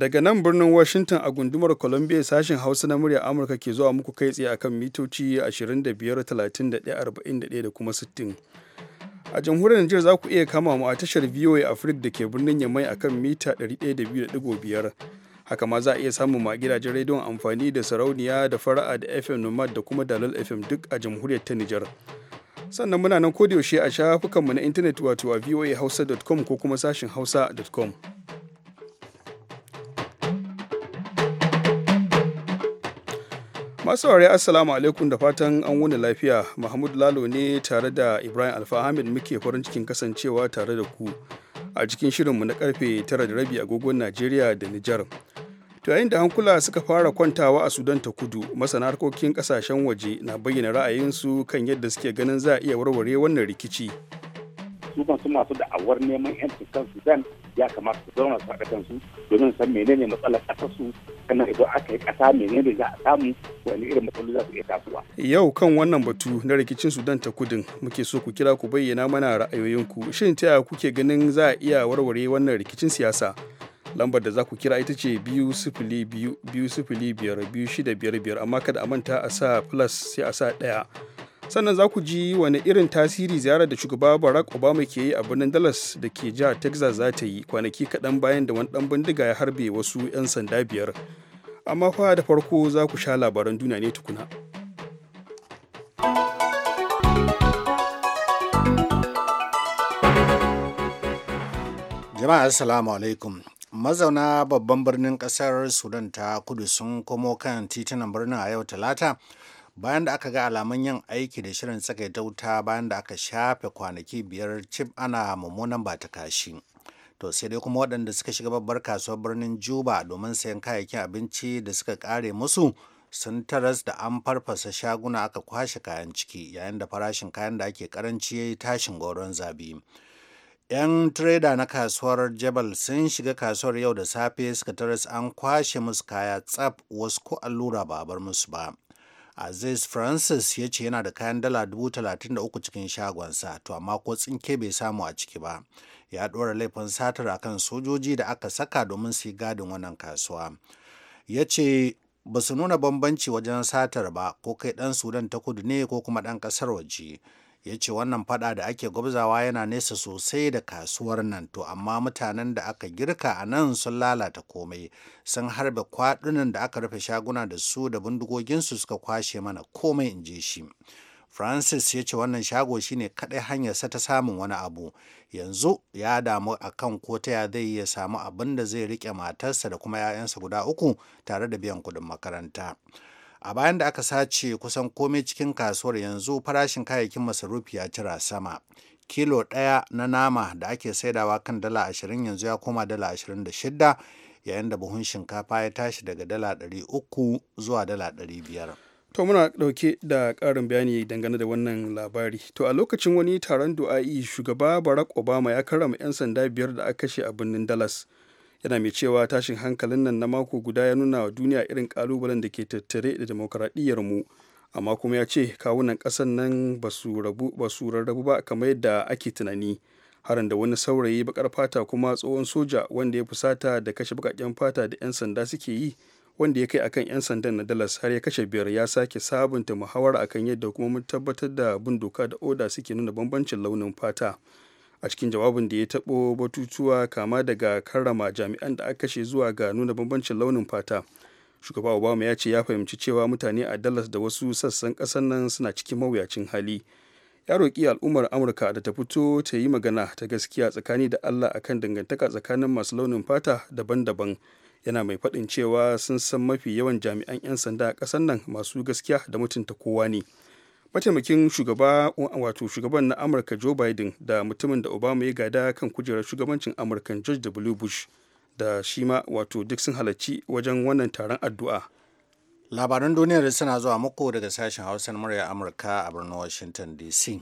Daga nan birnin Washington a gundumar Columbia sashen Hausa na murya Amurka ke zuwa muku kai tsaye akan mitoci 25, 31, 41 da kuma 60. A jamhuriyar Nijar za ku iya kama mu a tashar VOA Africa da ke birnin Yamai akan mita 102.5. Haka ma za a iya samun ma gidajen rediyon amfani da sarauniya da fara'a da FM Nomad da kuma dalal FM duk a jamhuriyar ta Nijar. Sannan muna nan kodiyaushe a shafukanmu na intanet wato a voahausa.com ko kuma sashin hausa.com. masu saurari assalamu alaikum da fatan an wuni lafiya mahmud lalo ne tare da ibrahim alfa muke farin cikin kasancewa tare da ku a cikin shirinmu na karfe 9:30 agogon najeriya da nijar to yayin da hankula suka fara kwantawa a sudan ta kudu masana harkokin kasashen waje na bayyana ra'ayinsu kan yadda suke ganin za a iya warware wannan rikici su masu da'awar neman 'yancin kan sudan ya kamata su zauna su haɗa kansu domin san menene matsalar ƙasar su kana idan aka yi ƙasa menene za a samu wani irin matsaloli za su iya tasowa. Yau kan wannan batu na rikicin Sudan ta kudin muke so ku kira ku bayyana mana ra'ayoyinku shin ta yaya kuke ganin za a iya warware wannan rikicin siyasa? lambar da za ku kira ita ce biyu sifili biyu biyu sifili biyar biyu shida biyar biyar amma kada a manta a sa plus sai a sa ɗaya sannan za ku ji wani irin tasiri ziyarar da shugaba barack obama ke yi a birnin dallas da ke jihar texas za ta yi kwanaki kaɗan bayan da wani ɗan bindiga ya harbe wasu 'yan sanda biyar amma fa da farko za ku sha labaran duniya ne tukuna jama'a assalamu alaikum mazauna babban birnin kasar sudan ta kudu sun komo kan titunan birnin a yau talata bayan da aka ga alamun yin aiki da shirin tsagaita wuta bayan da aka shafe kwanaki biyar cif ana mummunan ba ta kashi to sai dai kuma waɗanda suka shiga babbar kasuwar birnin juba domin sayan kayayyakin abinci da suka ƙare musu sun taras da an farfasa shaguna aka kwashe kayan ciki yayin da farashin kayan da ake karanci ya yi tashin goron zabi 'yan tireda na kasuwar jebel sun shiga kasuwar yau da safe suka taras an kwashe musu kaya tsaf wasu ko allura babar musu ba aziz francis ya ce yana da kayan dala 33,000 cikin shagonsa to amma ko tsinke bai samu a ciki ba ya ɗora laifin satar a kan sojoji da aka saka domin su yi gadin wannan kasuwa ya ce ba su nuna bambanci wajen satar ba ko kai ɗan sudan ta kudu ne ko kuma ɗan ƙasar waje ya ce wannan fada da ake gwabzawa yana nesa sosai da kasuwar nan to amma mutanen da aka girka a nan sun lalata komai sun harbe kwadunan da aka rufe shaguna da su da bindigoginsu suka kwashe mana komai in je shi francis ya ce wannan shago shine kadai sa ta samun wani abu yanzu ya damu akan ko ta ya zai iya samu abin da zai rike matarsa da kuma 'ya'yansa guda uku tare da biyan kuɗin makaranta a bayan da aka sace kusan komai cikin kasuwar yanzu farashin kayayyakin masarufi ya cira sama kilo ɗaya na nama da ake saidawa kan dala ashirin yanzu ya koma dala ashirin da shidda yayin da buhun shinkafa ya tashi daga dala ɗari uku zuwa dala ɗari biyar To muna ɗauke da ƙarin bayani dangane da wannan labari. To a lokacin wani taron du'a'i shugaba Barack Obama ya karrama 'yan sanda biyar da aka kashe a birnin Dallas. yana mai cewa tashin hankalin nan na mako guda ya nuna wa duniya irin kalubalen da ke tattare da demokradiyyar mu amma kuma ya ce kawunan kasan nan ba su rarrabu ba kamar yadda ake tunani harin da wani saurayi bakar fata kuma tsohon soja wanda ya fusata da kashe bakaken fata da 'yan sanda suke yi wanda ya kai akan 'yan sandan na dalas har ya kashe biyar ya sake sabunta muhawara akan yadda kuma hukumomin tabbatar da bin doka da oda suke nuna bambancin launin fata a cikin jawabin da ya taɓo batutuwa kama daga karrama jami'an da aka kashe zuwa ga nuna bambancin launin fata shugaba obama ya ce ya fahimci cewa mutane a dallas da wasu sassan ƙasar nan suna cikin mawuyacin hali ya roƙi al'ummar amurka da ta fito ta yi magana ta gaskiya tsakani da allah akan dangantaka tsakanin masu launin fata daban-daban yana mai faɗin cewa sun san mafi yawan jami'an 'yan sanda a ƙasar nan masu gaskiya da mutunta kowa ne. mataimakin shugaba wato shugaban na amurka joe biden da mutumin da obama ya gada kan kujerar shugabancin amurkan george w bush da shi ma wato duk sun halarci wajen wannan taron addu'a labaran duniyar suna zuwa muku daga sashen hausa murya amurka a birnin washington dc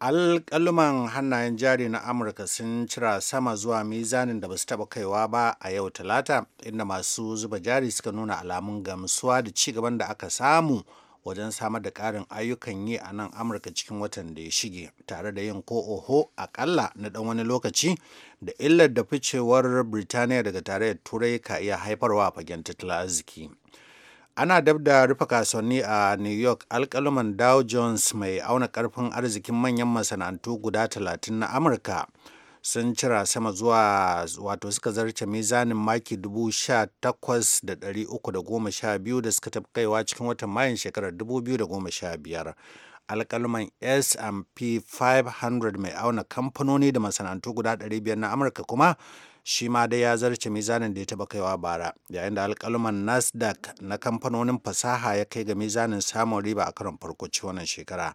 alƙaluman hannayen jari na amurka sun cira sama zuwa mizanin da ba su taɓa kaiwa ba a yau talata inda masu zuba jari suka nuna alamun gamsuwa da ci gaban da aka samu wajen samar da ƙarin ayyukan yi a nan amurka cikin watan da ya shige tare da yin ko oho akalla na ɗan wani lokaci da illar da ficewar birtaniya daga tarayyar turai ka iya haifarwa a fagen tattalin arziki ana dab da rufe kasuwanni a new york alkaluman dow jones mai auna karfin arzikin manyan masana'antu guda talatin na amurka sun cira sama zuwa wato suka zarce mizanin maki dubu 18,312 da da da sha biyu suka tafi kaiwa cikin watan mayan shekarar biyar alkalman S&P 500 mai auna kamfanoni da masana'antu guda 500 na Amurka kuma shi ma dai ya zarce mizanin da ya taba kaiwa bara yayin da alkalman Nasdaq na kamfanonin fasaha ya kai ga mizanin samun riba a karon farko ci wannan shekara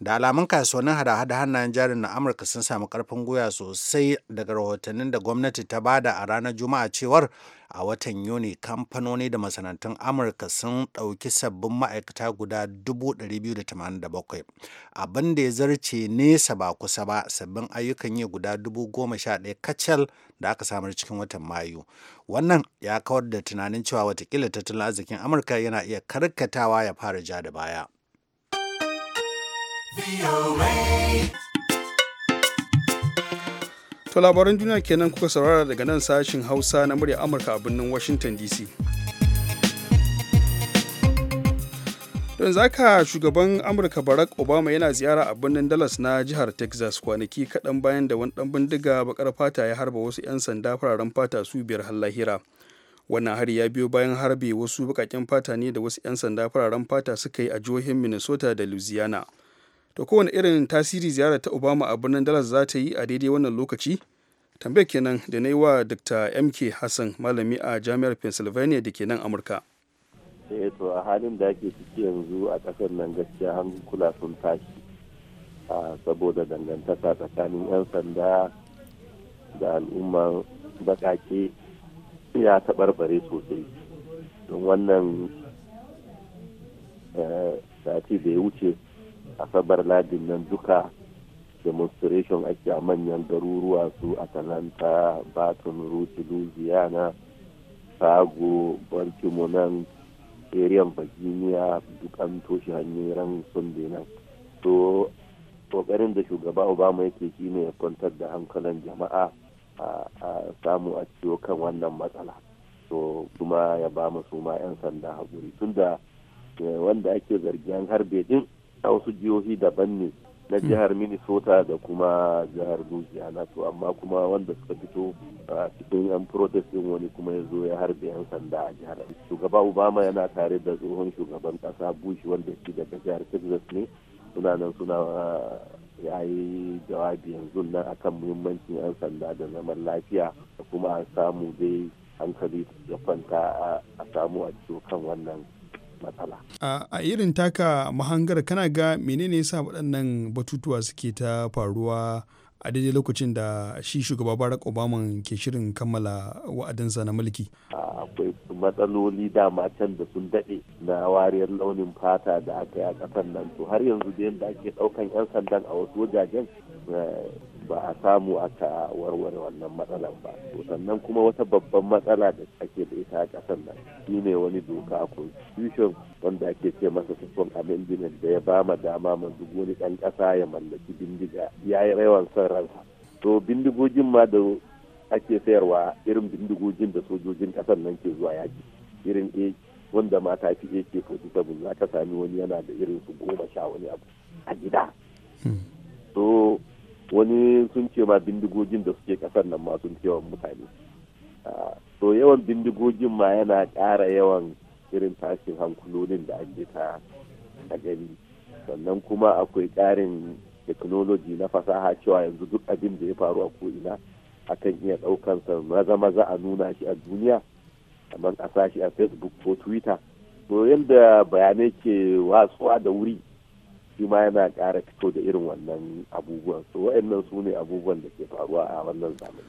da alamun kasuwannin hada-hada hannayen jarin na amurka sun samu karfin gwiwa sosai daga rahotannin da gwamnati ta bada a ranar juma'a cewar a watan yuni kamfanoni da masana'antun amurka sun ɗauki sabbin ma'aikata guda 287 abin da ya zarce nesa ba kusa ba sabbin ayyukan yi guda daya kacal da aka samar cikin watan mayu wannan ya kawar da tunanin cewa watakila tattalin arzikin amurka yana iya karkatawa ya fara ja da baya To labaran duniya kenan kuka saurara daga nan sashin Hausa na murya Amurka a birnin Washington DC. Don zaka shugaban Amurka Barack Obama yana ziyara a birnin Dallas na jihar Texas kwanaki kaɗan bayan da wani ɗan bindiga bakar fata ya harba wasu 'yan sanda fararen fata su biyar har lahira. wannan hari ya biyo bayan harbe wasu bakaken fata ne da wasu 'yan sanda fararen fata suka yi a jihohin minnesota da louisiana da kowane irin tasiri ziyara ta Obama a birnin Dallas za ta yi a daidai wannan lokaci? Tambayar kenan da na yi wa Dr. MK Hassan malami a Jami'ar Pennsylvania da ke nan Amurka. Eh to a halin da ake ciki yanzu a ƙasar nan gaskiya hankula sun tashi saboda dangantaka tsakanin 'yan sanda da al'umman baƙaƙe ya taɓarɓare sosai don wannan eh, sati da ya wuce asabar ladin nan duka demonstration ake a manyan garuruwa su atalanta baton rouge louisiana sago baltimo nan arian virginia duk an toshe hanyoyin sunday nan to kokarin da shugaba obama yake ne ya kwantar da hankalin jama'a a samu a ciwo kan wannan matsala to kuma ya ba mu suma 'yan sanda haƙuri da eh, wanda ake zargin harbe din a wasu jihohi daban ne na hmm. jihar minnesota da kuma jihar louisiana to amma kuma wanda suka fito a cikin yan protest din wani kuma ya zo ya harbe yan sanda a jihar shugaba obama yana tare da tsohon shugaban kasa bush wanda shi daga jihar texas ne suna nan suna ya yi jawabi yanzu nan akan muhimmancin yan sanda da zaman lafiya da kuma an samu dai hankali ya kwanta a samu a ciwo kan wannan matsala. A irin taka mahangar kana ga menene yasa waɗannan batutuwa suke ta faruwa a daidai lokacin da shi shugaba Barack Obama ke shirin kammala wa'adinsa na mulki. Akwai matsaloli da matan da sun daɗe na wariyar launin fata da aka yi a ƙasar nan to har yanzu da yadda ake ɗaukan 'yan sandan a wasu wajajen eh, ba a samu aka warware wannan matsalan ba to sannan kuma wata babban matsala da ake da ita a ƙasar nan ne wani doka constitution wanda ake ce masa sufon amendment da ya ba ma dama manzu wani ɗan ƙasa ya mallaki bindiga ya yi rawan son ransa to bindigogin ma da ake sayarwa irin bindigogin da sojojin kasar nan ke zuwa yaki irin a wanda mata fi ak 47 za ka sami wani yana da irin su goma sha wani abu a gida so hmm. wani sun ce ma bindigogin da suke kasar nan ma sun yawan mutane ah, to yawan bindigogin ma yana ƙara yawan irin tashin hankulonin da ake ta a gani sannan kuma akwai ƙarin teknoloji na fasaha cewa yanzu duk abin da ya faru a ko'ina akan iya ɗaukansa maza maza a nuna shi a duniya kamar a sashi a facebook ko twitter to yadda bayanai ke watsuwa da wuri shi ma yana ƙara fito da irin wannan abubuwan so wa'annan su ne abubuwan da ke faruwa a wannan zamani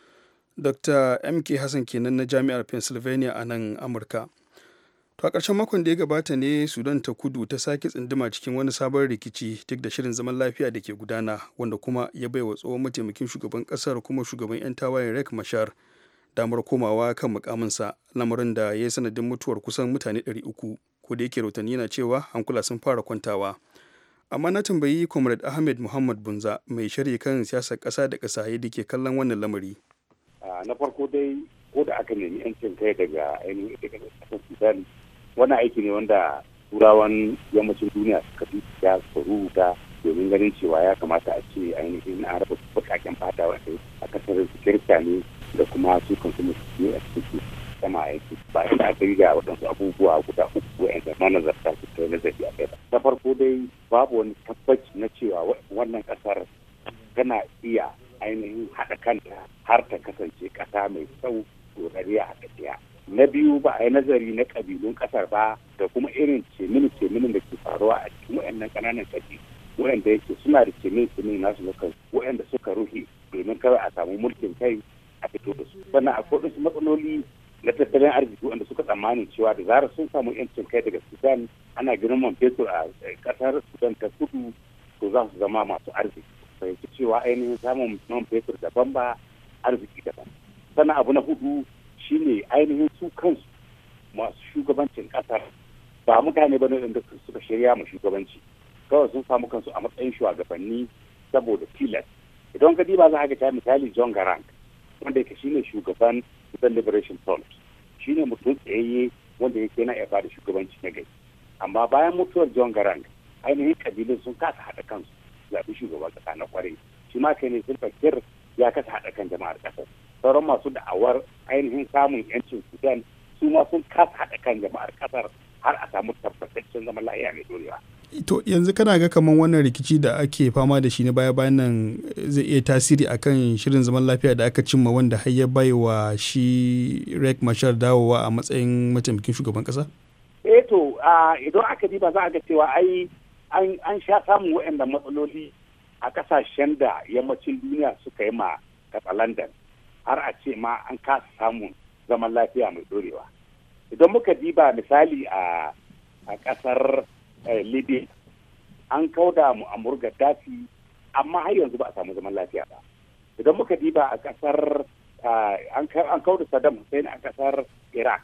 dr mk hassan kenan na jami'ar pennsylvania a nan amurka to a ƙarshen makon da ya gabata ne sudan ta kudu ta sake tsinduma cikin wani sabon rikici duk da shirin zaman lafiya da ke gudana wanda kuma ya bai wa tsohon mataimakin shugaban ƙasar kuma shugaban 'yan tawayen rek mashar damar komawa kan mukaminsa lamarin da ya yi sanadin mutuwar kusan mutane 300 ko da yake rautani yana cewa hankula sun fara kwantawa amma na tambayi comrade ahmed muhammad bunza mai shari kan siyasar kasa da kasa yadda ke kallon wannan lamari na farko dai ko da aka nemi yancin kai daga ainihin ƙasar sudan wani aiki ne wanda turawan yammacin duniya suka fi ya rubuta domin ganin cewa ya kamata a ce ainihin an raba baƙaƙen fata wata a kasar kirista ne da kuma su kan su musulmi a cikin sama yake ba ina ga waɗansu abubuwa guda uku na zarta su ta nazari a kai ba na farko dai babu wani tabbaci na cewa wannan ƙasar tana iya ainihin haɗa kanta har ta kasance ƙasa mai sau dorariya a tafiya na biyu ba a yi nazari na ƙabilun ƙasar ba da kuma irin cemini cemini da ke faruwa a cikin waɗannan ƙananan ƙabilu waɗanda yake suna da cemini cemini nasu na kansu waɗanda suka ruhe domin kawai a samu mulkin kai a fito da su sannan akwai wasu matsaloli na tattalin arziki wanda suka tsammanin cewa da zarar sun samu yancin kai daga sudan ana girman man fetur a kasar eh, sudan ta kudu to za su zama masu arziki fahimci cewa ainihin samun man fetur daban ba arziki daban sannan abu na hudu shine ainihin su kansu masu shugabancin kasar ba mutane ba ne da suka shirya mu shugabanci kawai sun samu kansu a matsayin shugabanni saboda tilas idan ka diba za a ga misali john garang wanda yake shine shugaban Sudan Liberation Front shi ne mutum tsayayye wanda yake na yaba da shugabanci na gari amma bayan mutuwar John Garang ainihin kabilun sun kasa haɗa kansu zaɓi shugaban ƙasa na kwarai shi ma kai ne sun ya kasa haɗa kan jama'ar ƙasar sauran masu da'awar ainihin samun yancin Sudan su ma sun kasa haɗa kan jama'ar ƙasar har a samu tabbataccen zaman lafiya mai dorewa to yanzu kana ga kamar wannan rikici da ake fama da shi na baya bayan nan eh, zai iya tasiri akan shirin zaman lafiya da aka cimma wanda har ya bai wa shi rek mashar dawowa a matsayin mataimakin shugaban kasa eh to idan aka diba za a ga cewa ai an sha samun waɗanda matsaloli a kasashen da yammacin duniya suka yi ma katsalandan har a ce ma an kasa samun zaman lafiya mai dorewa idan muka diba misali a kasar Eh, libya an kauda mu amur dafi amma har yanzu ba a samu zaman lafiya ba idan muka diba a kasar eh, an kauda saddam hussein a kasar iraq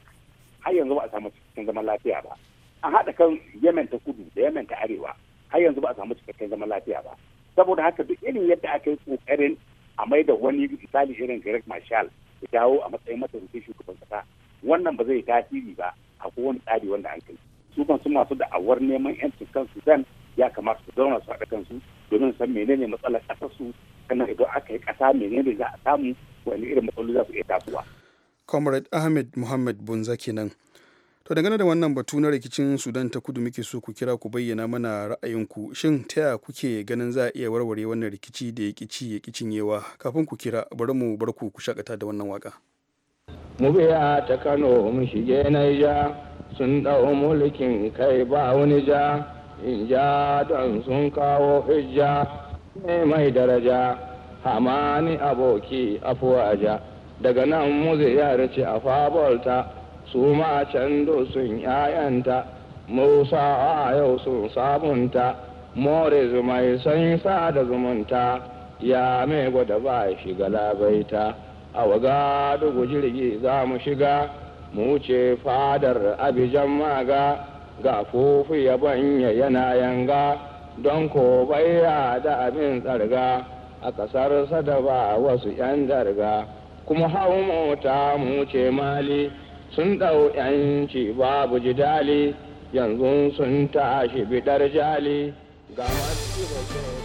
har yanzu ba a samu cikakken zaman lafiya ba an haɗa kan yemen ta kudu da yemen ta arewa har yanzu ba a samu cikakken zaman lafiya ba saboda haka duk irin yadda aka yi kokarin a mai da wani misali irin greg marshall ya dawo a matsayin mataimakin shugaban kasa wannan ba zai tasiri ba a kowane tsari wanda an kai su kan su masu da'awar neman yancin kansu dan ya kamata su zauna su haɗa kansu domin san menene matsalar ƙasar su kana idan aka yi ƙasa menene za a samu wani irin matsaloli za su iya tasowa. comrade ahmed muhammad bunza kenan to dangane da wannan batu na rikicin sudan ta kudu muke so ku kira ku bayyana mana ra'ayinku shin ta yaya kuke ganin za a iya warware wannan rikici da ya kici ya cinyewa kafin ku kira bari mu bar ku ku shakata da wannan waka mu biya ta kano mu shige naija sun ɗau mulkin kai ba wani ja in ja don sun kawo hijja ne mai daraja hamani aboki afuwaja daga nan muzi ziyarci a fabolta su ma can sun yayanta musa a yau sun sabunta more mai san sa da zumunta ya mai gwada ba shiga labaita a waga dugu jirgi za mu shiga mu ce fadar abijan maga ga fufu ya banya yana yanga don ko baya da abin tsarga a ƙasar ba wasu 'yan darga kuma hau mota mu ce mali sun ɗau 'yanci babu jidali yanzu sun tashi bidar jali ga masu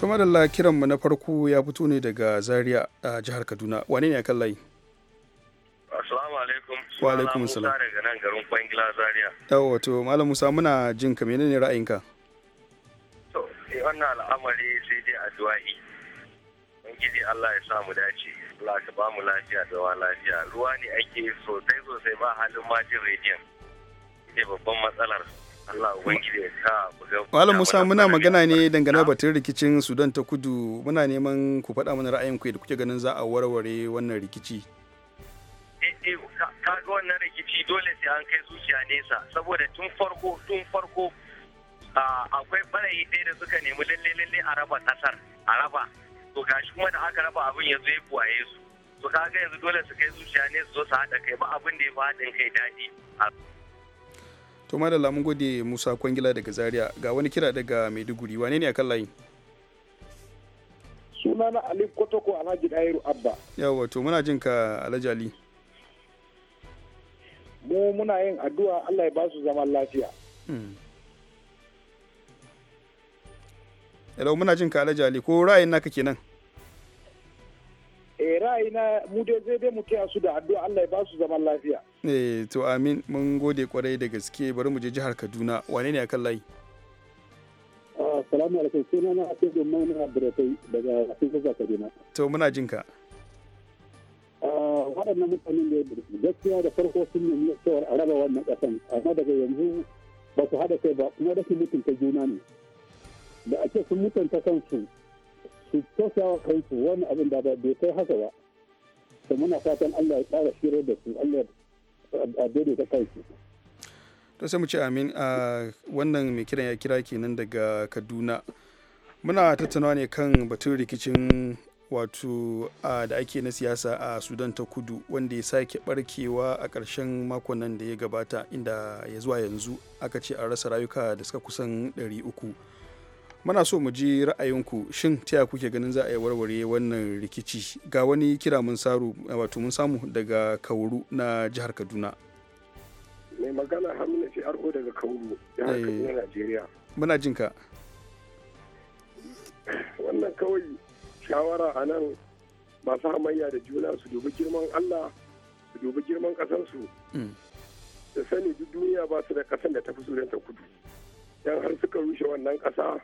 to madalla kiranmu na farko ya fito ne daga zaria a jihar kaduna wane ne a kan layi assalamu alaikum wa daga nan garin kwangila zaria yawa to malam musa muna jin ka menene ra'ayinka to eh, wannan al'amari sai dai addu'a'i gidi Allah ya samu dace Allah ba mu lafiya da wa lafiya ruwa ne ake sosai sosai ba halin majin rediyon ne babban matsalar Allah Musa muna magana ne dangane batun rikicin Sudan ta Kudu muna neman ku faɗa mana ra'ayin ku da kuke ganin za a warware wannan rikici. Eh, eh, ka ga wannan rikici dole sai an kai zuciya nesa saboda tun farko tun farko akwai barayi ɗaya da suka nemi lalle lalle a raba kasar a raba to shi kuma da aka raba abin ya zo ya buwaye su to ga yanzu dole su kai zuciya nesa su zo su haɗa kai ba abin da ya fi haɗin kai daɗi to da mun gode musa kwangila daga zaria ga wani kira daga maiduguri wane ne kan layin suna na ali kotoko alhaji dairu abba yawa to muna jin ka alhaji ali mu muna yin addu'a allah ya ba su zaman lafiya hmm. Hello, muna jin ka alhaji ali ko ra'ayin naka kenan eh ra'ayina mu dai zai dai mu taya su da addu'a Allah ya ba su zaman lafiya eh to amin mun gode kwarai da gaske bari mu je jihar Kaduna wane ne akan layi ah, Assalamu alaikum Sai na ake gumma na Abdulatai daga Afirka Kaduna to muna jin ka ah, waɗannan mutanen da gaskiya da farko sun nemi cewar a raba wannan ƙasan amma daga yanzu ba su haɗa kai ba kuma rashin mutunta juna ne da ake sun mutunta kansu su kyautawa kansu wani abin da bai kai haka ba to muna fatan Allah ya ƙara shirar da su Allah a da kansu to sai mu ce amin a wannan mai kiran ya kira kenan daga Kaduna muna tattaunawa ne kan batun rikicin wato da ake na siyasa a sudan ta kudu wanda ya sake barkewa a ƙarshen makon nan da ya gabata inda ya zuwa yanzu aka ce an rasa rayuka da suka kusan 300 muna so mu ji ra'ayinku shin taya kuke ganin za a yi warware wannan rikici ga wani kira mun saru wato mun samu daga kauru na jihar kaduna mai magana hamina ce arko daga kauru jihar eh. kaduna najeriya muna jin ka wannan kawai shawara a nan masu hamayya da juna su dubi girman allah su dubi girman kasansu mm. da sani duk duniya ba su da kasan da ta fi sudan ta kudu dan har suka rushe wannan kasa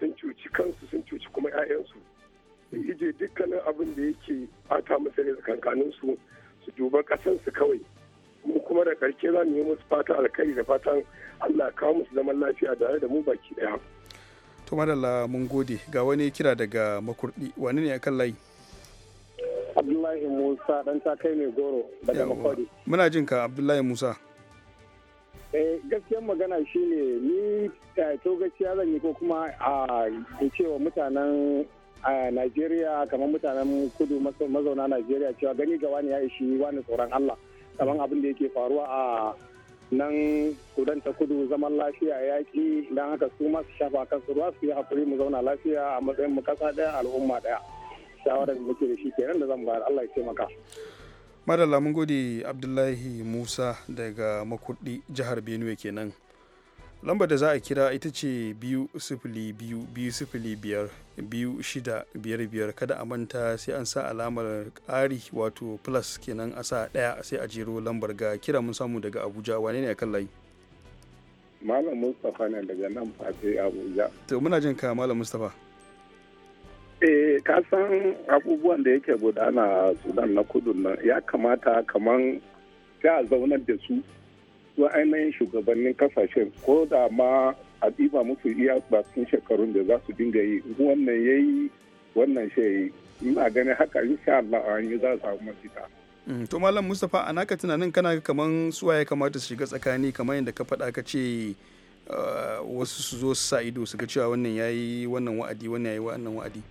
sun cuci kansu sun cuci kuma 'ya'yansu su ije dukkanin abin da yake ata masa ne tsakankanin su su duba kasan su kawai mu kuma da karshe za mu yi musu fata alkhairi da fatan Allah kawo musu zaman lafiya da da mu baki daya to madalla mun gode ga wani kira daga makurdi wani ne akan layi Abdullahi Musa dan takai mai goro daga Makurdi muna jin ka Abdullahi Musa Eh, gaskiyar magana shine ni eh, to gaskiya zan yi ko kuma a cewa mutanen Najeriya kamar mutanen kudu mazauna Najeriya cewa gani ga wani ya ishi wani tsoron Allah kamar abin da yake faruwa a nan kudan ta kudu zaman lafiya yaƙi don haka su masu shafa kansu ruwa su yi hakuri mu zauna lafiya a matsayin mu kasa ɗaya al'umma ɗaya shawarar da muke da shi kenan da zan bayar Allah ya taimaka. madalla mun gode abdullahi musa daga makurdi jihar benue kenan lambar da za a kira ita ce biyu sifili biyu biyu sifili biyar biyu shida biyar biyar kada a manta sai an sa alamar ƙari wato plus kenan a sa ɗaya sai a jero lambar ga kira mun samu daga abuja wane ne a kan layi malam mustapha ne daga nan fate abuja to muna jin ka malam mustapha eh ka san abubuwan da yake gudana a sudan na kudu nan ya kamata kamar sai a zaunar da su su ainihin shugabannin kasashen ko da ma a ɗiba musu iya sun shekarun da za su dinga yi wannan ya yi wannan shi yi ina ganin haka insha Allah a yi za a samu mafita. Mm, to malam mustapha a naka tunanin kana kamar suwa ya kamata su shiga tsakani kamar yadda ka faɗa ka ce eh, wasu su zo su sa ido su ga cewa wannan ya yi wannan wa'adi wannan ya wannan wa'adi.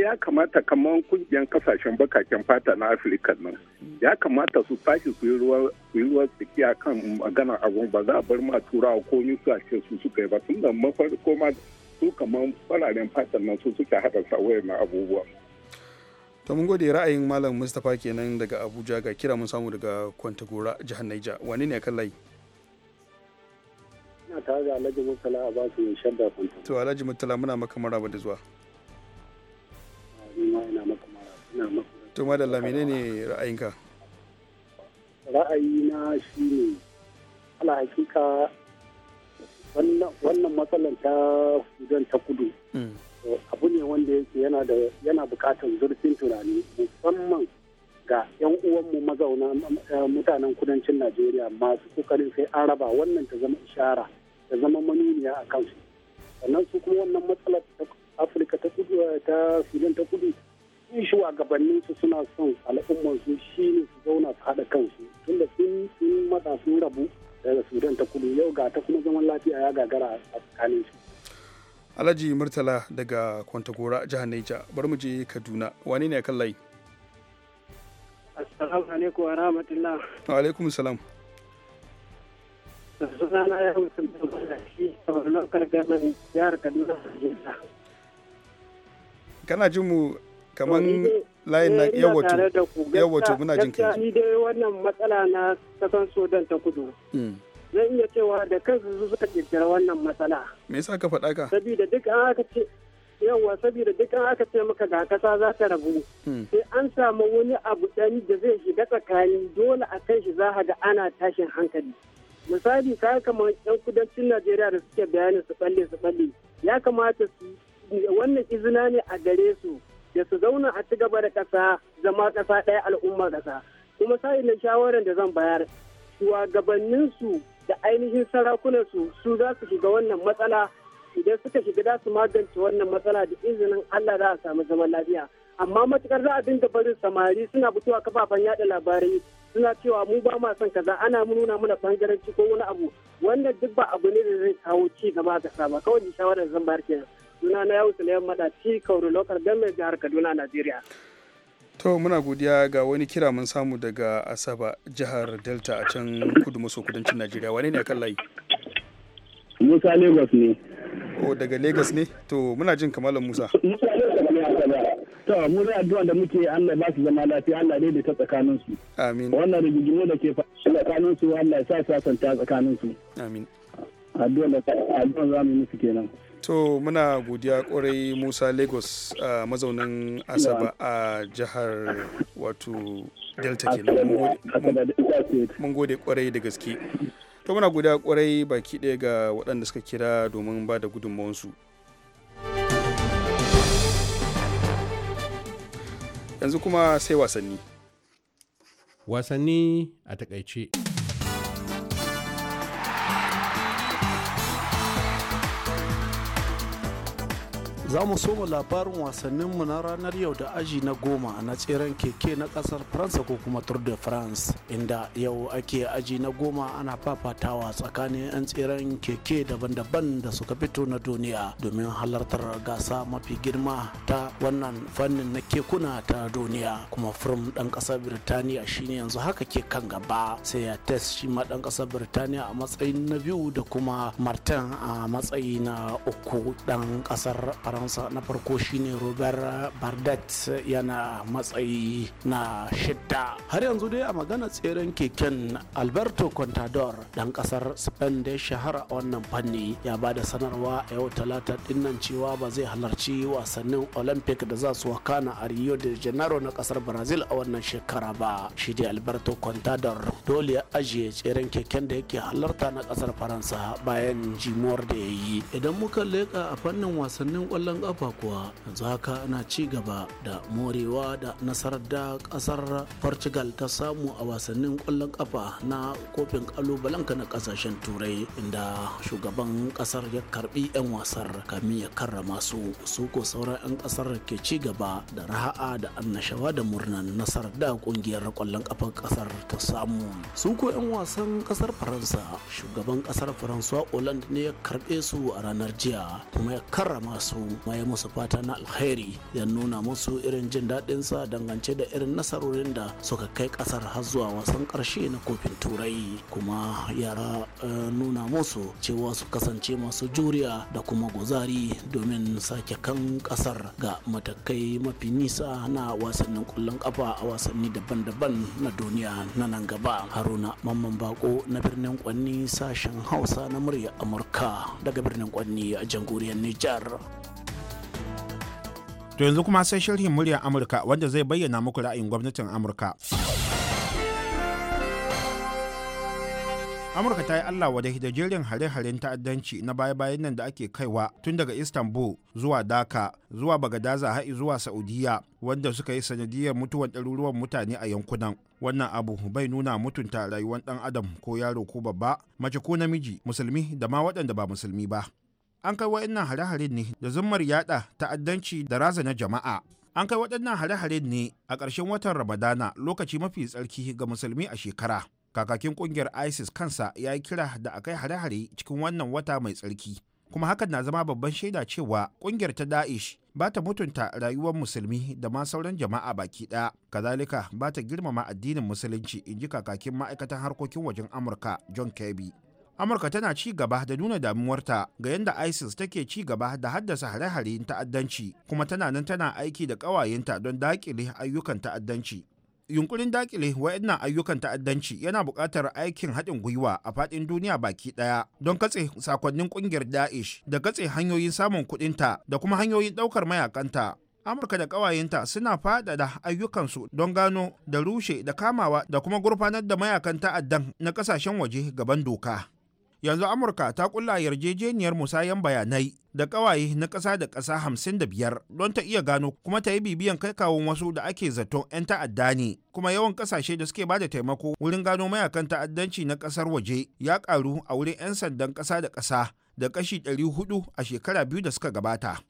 ya kamata kamar kungiyar kasashen bakaken fata na afirka nan ya kamata su tashi su yi ruwa tsakiya kan magana abun ba za a bar ma turawa ko su a ce su suka yi ba tun da mafarko ma su kamar fararen fata nan su suke haddasa na abubuwa. ta mun gode ra'ayin malam mustapha kenan daga abuja ga kira mun samu daga kwantagora jihar naija wani ne kan layi ina tare da alhaji mutala a basu shadda kwantagora to alhaji mutala muna maka maraba da zuwa ma da maka ne to madalla menene ra'ayinka ra'ayina shine ala hakika wannan matsalar ta sudan ta kudu hmm. abu ne wanda yake yana da yana bukatar zurfin tunani musamman ga 'yan uwanmu mazauna eh, mutanen kudancin najeriya masu kokarin sai an raba wannan ta zama ishara ta zama manuniya a kansu sannan su kuma wannan matsalar afirka ta kudu eh, ta sudan ta kudu in shugabannin su suna son al'ummar su shi ne su zauna su haɗa kansu tunda sun sun matsa sun rabu daga sudan ta kudu yau ga ta kuma zaman lafiya ya gagara a tsakanin su alhaji murtala daga kwantagora jihar naija bar mu je kaduna wane ne kan layi assalamu alaikum wa rahmatullah wa alaikum salam sunana ya mutum da shi a lokacin ganin jihar kaduna a kana jin mu kamar eh, eh, layin na yawato eh, yawato muna jin kai ni dai wannan matsala na kasan sodan ta kudu hmm. zan iya cewa da kansu su suka kirkira wannan matsala me yasa ka faɗa ka saboda duk an aka ce yawa saboda duk an aka ce maka ga kasa za ta rabu hmm. sai an samu wani abu ɗani da zai shiga tsakani dole a kai shi za ga ana tashin hankali misali ka kamar yan kudancin najeriya da suke bayani su balle su balle ya kamata su wannan izina ne a gare su da su zauna a ci gaba da ƙasa zama ƙasa ɗaya al'umma ƙasa kuma sai na shawarar da zan bayar shugabanninsu da ainihin sarakunansu su za su shiga wannan matsala idan suka shiga za su magance wannan matsala da izinin Allah za a samu zaman lafiya amma matukar za a dinga barin samari suna fitowa kafafen yada labarai suna cewa mu ba ma son kaza ana nuna mana bangaranci ko wani abu wannan duk ba abu ne da zai kawo ci gaba ga ba kawai shawarar zan bayar kenan suna na yau Suleiman ti Kauru Lokar mai jihar Kaduna Najeriya. To muna godiya ga wani kira mun samu daga Asaba jihar Delta a can kudu maso kudancin Najeriya wane ne akan layi? Musa Lagos ne. O daga Lagos ne? To muna jin kamalan Musa. Musa To mu da addu'a da muke Allah ba su zama lafiya Allah ne da ta tsakanin su. Amin. Wannan rigingimu da ke tsakanin su Allah ya sa sasanta tsakanin su. Amin. Addu'a da addu'a za mu yi musu kenan. so muna godiya kwarai musa lagos a mazaunin asaba a jihar wato delta kenan mun gode kwarai da gaske to muna godiya kwarai baki ɗaya ga waɗanda suka kira domin ba da gudunmawansu yanzu kuma sai wasanni wasanni a takaice za mu soma labarin wasanninmu na ranar yau da aji na goma na tseren keke na kasar faransa ko kuma tour de france inda yau ake aji na goma ana fafatawa tsakanin 'yan tseren keke daban-daban da suka fito na duniya domin halartar gasa mafi girma ta wannan fannin na kekuna ta duniya kuma firm dan kasar birtaniya shine yanzu haka ke kan gaba sai ya tes shi ma dan kasar birtaniya a matsayin na biyu da kuma martin a matsayi na uku dan kasar faransa faransa na farko shine robert bardet yana matsayi na shidda har yanzu dai a magana tseren keken alberto contador dan kasar spain da ya shahara a wannan fanni ya ba da sanarwa a yau talata dinnan cewa ba zai halarci wasannin olympic da za su wakana a rio de janeiro na kasar brazil a wannan shekara ba shi dai alberto contador dole ya ajiye tseren keken da yake halarta na kasar faransa bayan jimuwar da ya yi idan muka leka a fannin wasannin kwallon kwallon ƙafa kuwa yanzu haka ana ci gaba da morewa da nasarar da ƙasar portugal ta samu a wasannin kwallon ƙafa na kofin ƙalubalenka na ƙasashen turai inda shugaban ƙasar ya karbi 'yan wasar kamin ya karrama su su ko sauran 'yan ƙasar ke ci gaba da raha'a da annashawa da murnan nasarar da ƙungiyar kwallon ƙafar ƙasar ta samu su ko 'yan wasan ƙasar faransa shugaban ƙasar faransa François ne ya karbe su a ranar jiya kuma ya karrama su ya musu fata na alkhairi ya nuna musu irin jin daɗin sa dangance da irin nasarorin da suka kai ƙasar har zuwa wasan ƙarshe na kofin turai kuma yara eh, nuna musu cewa su kasance masu juriya da kuma guzari domin sake kan ƙasar ga matakai mafi nisa na wasannin ƙwallon ƙafa a wasanni daban-daban na duniya na nan gaba haruna mamman bako na birnin kwanni sashen hausa na murya amurka daga birnin kwanni a jamhuriyar nijar To yanzu kuma sai sharhin muryar Amurka wanda zai bayyana muku ra'ayin gwamnatin Amurka. Amurka ta yi Allah wadai da jerin hare-haren ta'addanci na baya-bayan nan da ake kaiwa tun daga Istanbul zuwa daka zuwa Bagadaza har zuwa Saudiya wanda suka yi sanadiyar mutuwar ɗaruruwan mutane a yankunan. Wannan abu bai nuna mutunta rayuwar ɗan adam ko yaro ko babba, mace ko namiji, musulmi da ma waɗanda ba musulmi ba. an kai waɗannan hare-hare ne da zummar yaɗa ta'addanci da razana jama'a an kai waɗannan hare-hare ne a ƙarshen watan ramadana lokaci mafi tsarki ga musulmi a shekara kakakin ƙungiyar isis kansa ya yi kira da akai kai hare-hare cikin wannan wata mai tsarki kuma hakan na zama babban shaida cewa ƙungiyar ta da'ish ba ta mutunta rayuwar musulmi da ma sauran jama'a baki ɗaya kazalika ba ta girmama addinin musulunci in ji kakakin ma'aikatan harkokin wajen amurka john kirby amurka tana ci gaba da nuna damuwarta ga yadda isis take ci gaba da haddasa hare-hare ta'addanci kuma tana nan tana aiki da ƙawayenta don daƙile ayyukan ta'addanci yunkurin dakile wa'annan ayyukan ta'addanci yana buƙatar aikin haɗin gwiwa a faɗin duniya baki ɗaya don katse sakonnin ƙungiyar Daesh, da katse hanyoyin samun kuɗinta da kuma hanyoyin ɗaukar mayakanta amurka da ƙawayenta suna faɗaɗa ayyukansu don gano da rushe da kamawa da kuma gurfanar da mayakan ta'addan na ƙasashen waje gaban doka yanzu amurka ta kulla yarjejeniyar musayan bayanai da kawaye na ƙasa da ƙasa hamsin da biyar don ta iya gano kuma ta yi bibiyan kai kawon wasu da ake zato 'yan ta'adda ne kuma yawan ƙasashe da suke bada taimako wurin gano mayakan ta'addanci na ƙasar waje ya ƙaru a wurin 'yan sandan ƙasa da ƙasa da kashi 400 a shekara biyu da suka gabata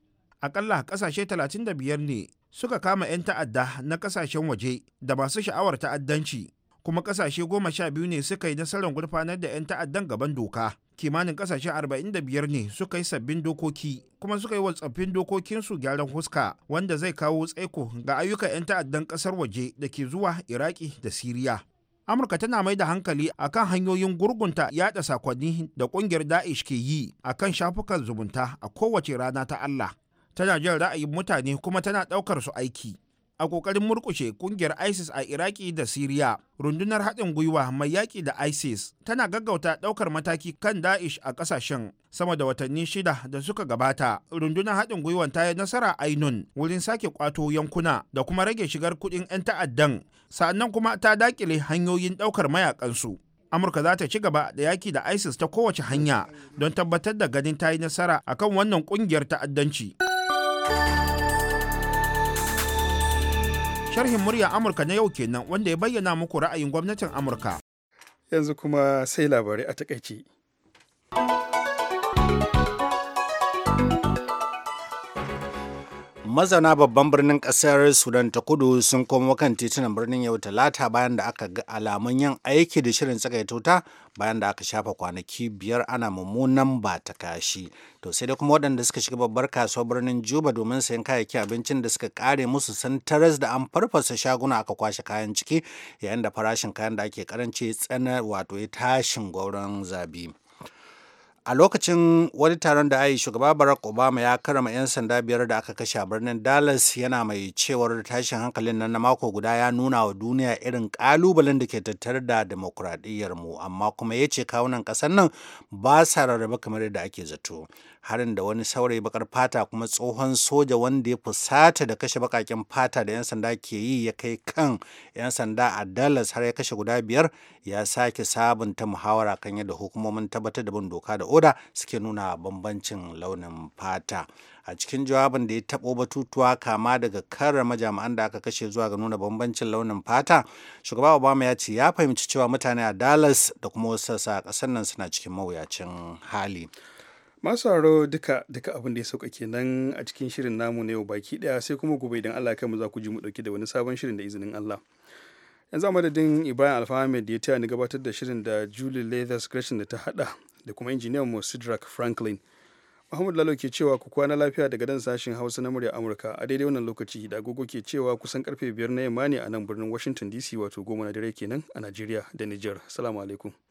akalla ƙasashe 35 ne suka kama 'yan ta'adda na ƙasashen waje da masu sha'awar ta'addanci kuma kasashe goma sha biyu ne suka yi nasarar gurfanar da 'yan ta'addan gaban doka kimanin kasashe biyar ne suka yi sabbin dokoki kuma suka yi watsaffin dokokinsu gyaran huska wanda zai kawo tsaiko ga ayyukan 'yan ta'addan kasar waje da ke zuwa iraki da siriya amurka tana mai da hankali akan hanyoyin gurgunta yada sakonni da kungiyar da'ish ke yi akan shafukan zumunta a kowace rana ta allah tana jin ra'ayin mutane kuma tana ɗaukar su aiki a kokarin murkushe kungiyar isis a iraki da siriya rundunar haɗin gwiwa mai yaƙi da isis tana gaggauta ɗaukar mataki kan da'ish a ƙasashen sama da watanni shida da suka gabata rundunar haɗin gwiwan ta yi nasara ainun wurin sake ƙwato yankuna da kuma rage shigar kuɗin 'yan ta'addan sannan kuma ta daƙile hanyoyin ɗaukar mayaƙansu amurka za ta ci gaba da yaƙi da isis ta kowace hanya don tabbatar da ganin ta yi nasara akan wannan ƙungiyar ta'addanci. Sharhin murya Amurka na yau kenan wanda ya bayyana muku ra'ayin gwamnatin Amurka. Yanzu kuma sai labarai a takaice. mazana babban birnin kasar sudan ta kudu sun komo kan titunan birnin yau talata bayan da aka ga alamun yin aiki da shirin tsagaita wuta bayan da aka shafa kwanaki biyar ana mummunan ba ta kashi to sai dai kuma waɗanda suka shiga babbar kasuwar birnin juba domin sayan kayayyaki abincin da suka kare musu sun taras da an farfasa shaguna aka kwashe kayan ciki yayin da farashin kayan da ake karanci tsanar wato ya tashin gwauron zabi a lokacin wani taron da ayi shugaba barack obama ya karama 'yan sanda biyar da aka kashe a birnin dallas yana mai cewar tashin hankalin nan na mako guda ya nuna wa duniya irin kalubalen da ke tattare da demokuraɗiyyar mu amma kuma ya ce kawunan ƙasar nan ba sa rarraba kamar yadda ake zato harin da wani saurayi bakar fata kuma tsohon soja wanda ya fusata da kashe bakakin fata da 'yan sanda ke yi ya kai kan 'yan sanda a dallas har ya kashe guda biyar ya sake sabunta muhawara kan yadda hukumomin tabbatar da bin doka da oda suke nuna bambancin launin fata a cikin jawabin da ya taɓo batutuwa kama daga karar majami'an da aka kashe zuwa ga nuna bambancin launin fata shugaba obama ya ce ya fahimci cewa mutane a dallas da kuma wasu sassa nan suna cikin mawuyacin hali masu haro duka duka abin da ya sauka kenan a cikin shirin namu na yau baki daya sai kuma gobe idan Allah kai mu za ku ji mu dauki da wani sabon shirin da izinin Allah yanzu a madadin Ibrahim Alfahamed da ya taya ni gabatar da shirin da Julie Leathers Gresham da ta hada da kuma injiniyan mu sidrak franklin muhammad lalo ke cewa ku kwana lafiya daga dan sashen hausa na murya amurka a daidai wannan lokaci da agogo ke cewa kusan karfe biyar na yamma ne a nan birnin washington dc wato goma na dare kenan a najeriya da niger salamu alaikum